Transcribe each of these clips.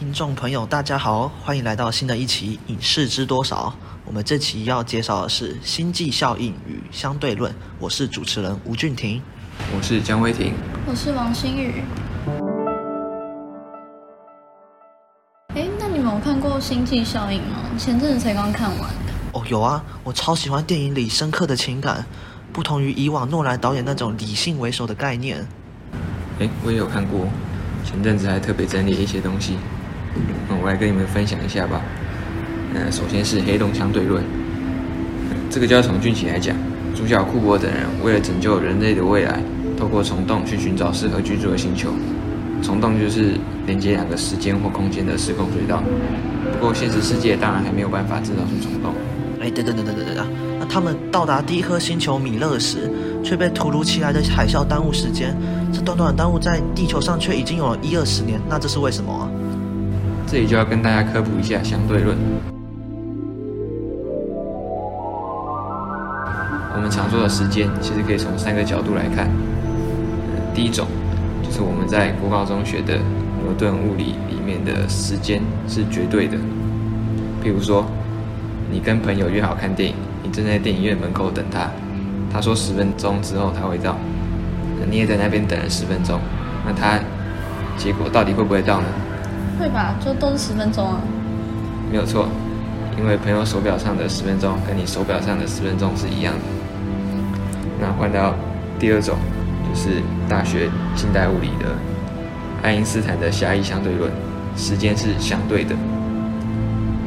聽眾朋友，大家好，歡迎來到新的一期《影視知多少》。我們這期要介紹的是《星際效應》與相對論。我是主持人吳俊廷，我是江威廷，我是王心妤。哎，那你們有看過《星際效應》嗎？前陣子才剛看完。哦，有啊，我超喜歡電影裡深刻的情感，不同於以往諾蘭導演那種理性為首的概念。哎，我也有看過，前陣子還特別整理一些東西。那、嗯、我來跟你們分享一下吧。呃、首先是《黑洞相對論》嗯，這個就要從劇情來講。主角庫伯等人為了拯救人類的未來，透過蟲洞去尋找適合居住的星球。蟲洞就是連接兩個時間或空間的時空隧道。不過現實世界當然還沒有辦法制造出蟲洞。哎，等等等等等等，那他們到達第一顆星球米勒時，卻被突如其來的海嘯耽誤時間。這短短的耽誤在地球上卻已經有了一二十年，那這是為什麼、啊？這裡就要跟大家科普一下相對論。我們常說的時間，其實可以從三個角度來看。第一種，就是我們在國高中學的牛頓物理裡面的時間是絕對的。譬如說，你跟朋友約好看電影，你正在電影院門口等他，他說十分鐘之後他會到，那你也在那邊等了十分鐘，那他結果到底會不會到呢？會吧，就都是十分鐘啊，沒有錯，因為朋友手表上的十分鐘跟你手表上的十分鐘是一樣的。那換到第二種，就是大學近代物理的愛因斯坦的狹義相對論，時間是相對的。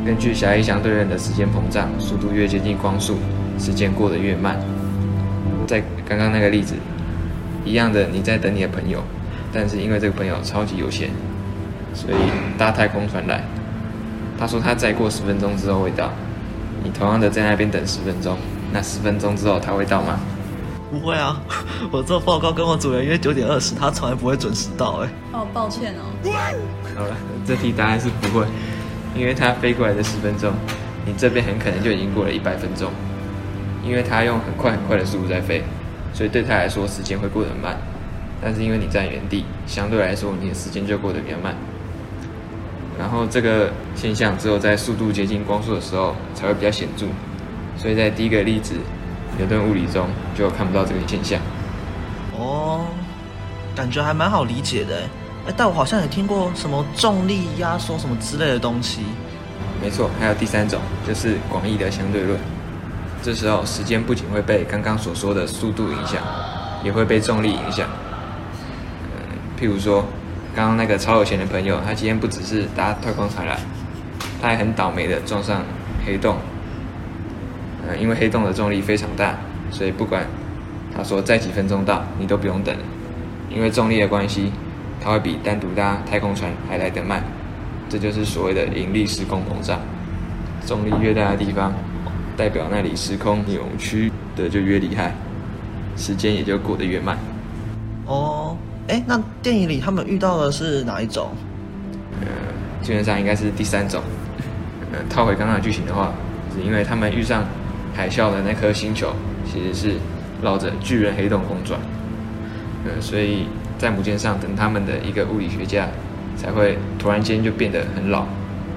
根據狹義相對論的時間膨脹，速度越接近光速，時間過得越慢。在剛剛那個例子，一樣的，你在等你的朋友，但是因為這個朋友超級有錢。所以，搭太空船來，他說他再過十分鐘之後會到。你同樣的在那邊等十分鐘，那十分鐘之後他會到嗎？不會啊，我做報告跟我主人約九點二十，他從來不會準時到哎、欸。哦，抱歉哦。好了，這題答案是不會，因為他飛過來的十分鐘，你這邊很可能就已經過了一百分鐘，因為他用很快很快的速度在飛，所以對他來說時間會過得很慢，但是因為你在原地，相對來說你的時間就過得比較慢。然後這個現象只有在速度接近光速的時候才會比較顯著，所以在第一個例子，牛頓物理中就看不到這個現象。哦，感覺還蠻好理解的誒，但我好像也聽過什麼重力壓縮什麼之類的東西。沒錯，還有第三種就是廣義的相對論，這時候時間不僅會被剛剛所說的速度影響，也會被重力影響。嗯、呃，譬如說。剛剛那個超有錢的朋友，他今天不只是搭太空船來，他還很倒霉地撞上黑洞。呃，因為黑洞的重力非常大，所以不管他說再幾分鐘到，你都不用等了。因為重力的關係，它會比單獨搭太空船還來得慢。這就是所謂的引力時空膨脹。重力越大的地方，代表那裡時空扭曲的就越厲害，時間也就過得越慢。哦、oh.。哎，那電影裡他們遇到的是哪一種？呃，基本上應該是第三種。呃，套回剛剛的劇情的話，就是因為他們遇上海嘯的那顆星球，其實是繞着巨人黑洞公轉。呃，所以在母艦上等他們的一個物理學家，才會突然間就變得很老，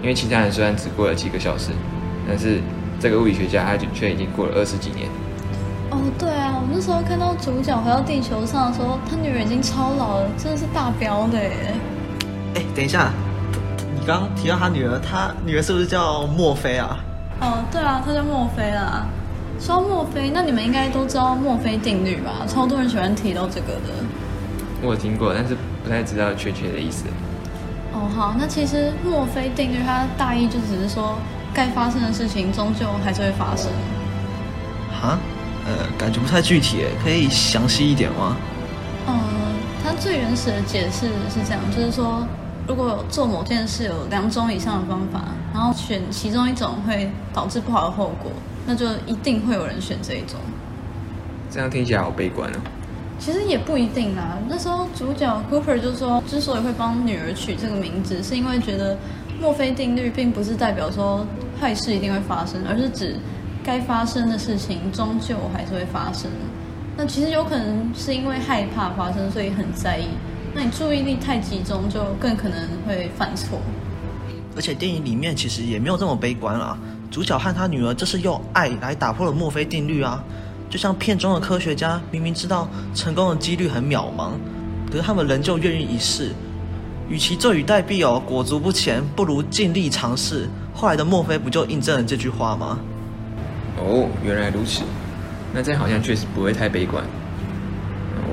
因為其他人雖然只過了幾個小時，但是這個物理學家他卻已經過了二十幾年。不、哦、對啊！我那時候看到主角回到地球上的時候，他女兒已經超老了，真的是大飆的耶、欸！等一下，你剛剛提到他女兒，他女兒是不是叫墨菲啊？哦，對啊，他叫墨菲啊。說到墨菲，那你們應該都知道墨菲定律吧？超多人喜歡提到這個的。我有聽過，但是不太知道確切的意思。哦，好，那其實墨菲定律它大意就只是說，該發生的事情終究還是會發生。啊？呃，感覺不太具體，可以詳細一點嗎？嗯、呃，它最原始的解釋是這樣，就是說，如果做某件事有兩種以上的方法，然後選其中一種會導致不好的後果，那就一定會有人選這一種。這樣聽起來好悲觀啊！其實也不一定啊。那時候主角 Cooper 就說，之所以會幫女兒取這個名字，是因為覺得墨菲定律並不是代表說壞事一定會發生，而是指。該發生的事情終究還是會發生。那其實有可能是因為害怕發生，所以很在意。那你注意力太集中，就更可能會犯錯。而且電影裡面其實也沒有這麼悲觀啊。主角和他女兒，這是用愛來打破了墨菲定律啊。就像片中的科學家，明明知道成功的幾率很渺茫，可是他們仍舊願意一試。與其坐以待斃哦，裹足不前，不如盡力嘗試。後來的墨菲不就印證了這句話嗎？哦，原來如此，那這好像確實不會太悲觀。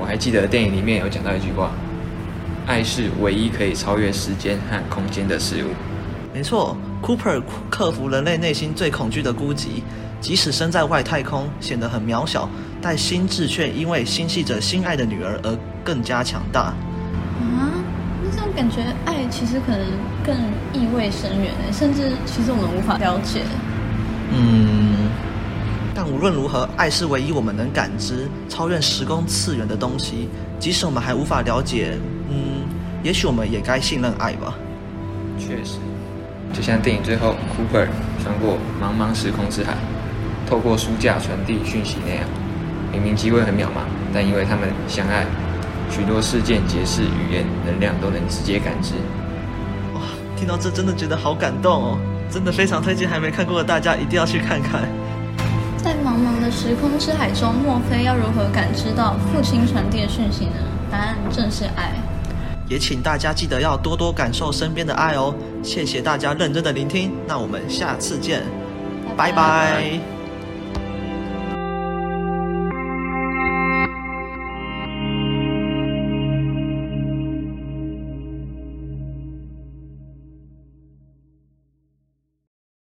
我還記得電影裡面有講到一句話：“愛是唯一可以超越時間和空間的事物。”沒錯，Cooper 克服人類內心最恐懼的孤寂，即使身在外太空顯得很渺小，但心智卻因為心繫着心愛的女兒而更加強大。啊，那這種感覺愛其實可能更意味深遠欸，甚至其實我們無法了解。嗯。但無論如何，愛是唯一我們能感知、超越時空次元的東西。即使我們還無法了解，嗯，也許我們也該信任愛吧？確實，就像電影最後，庫珀穿過茫茫時空之海，透過書架傳遞訊息那樣。明明機會很渺茫，但因為他們相愛，許多事件、解釋、語言、能量都能直接感知。哇，聽到這真的覺得好感動哦！真的非常推薦還沒看過的大家一定要去看看。在茫茫的時空之海中，墨菲要如何感知到父親傳遞的訊息呢？答案正是愛。也請大家記得要多多感受身邊的愛哦。謝謝大家認真的聆聽，那我們下次見，拜拜。拜拜，拜拜。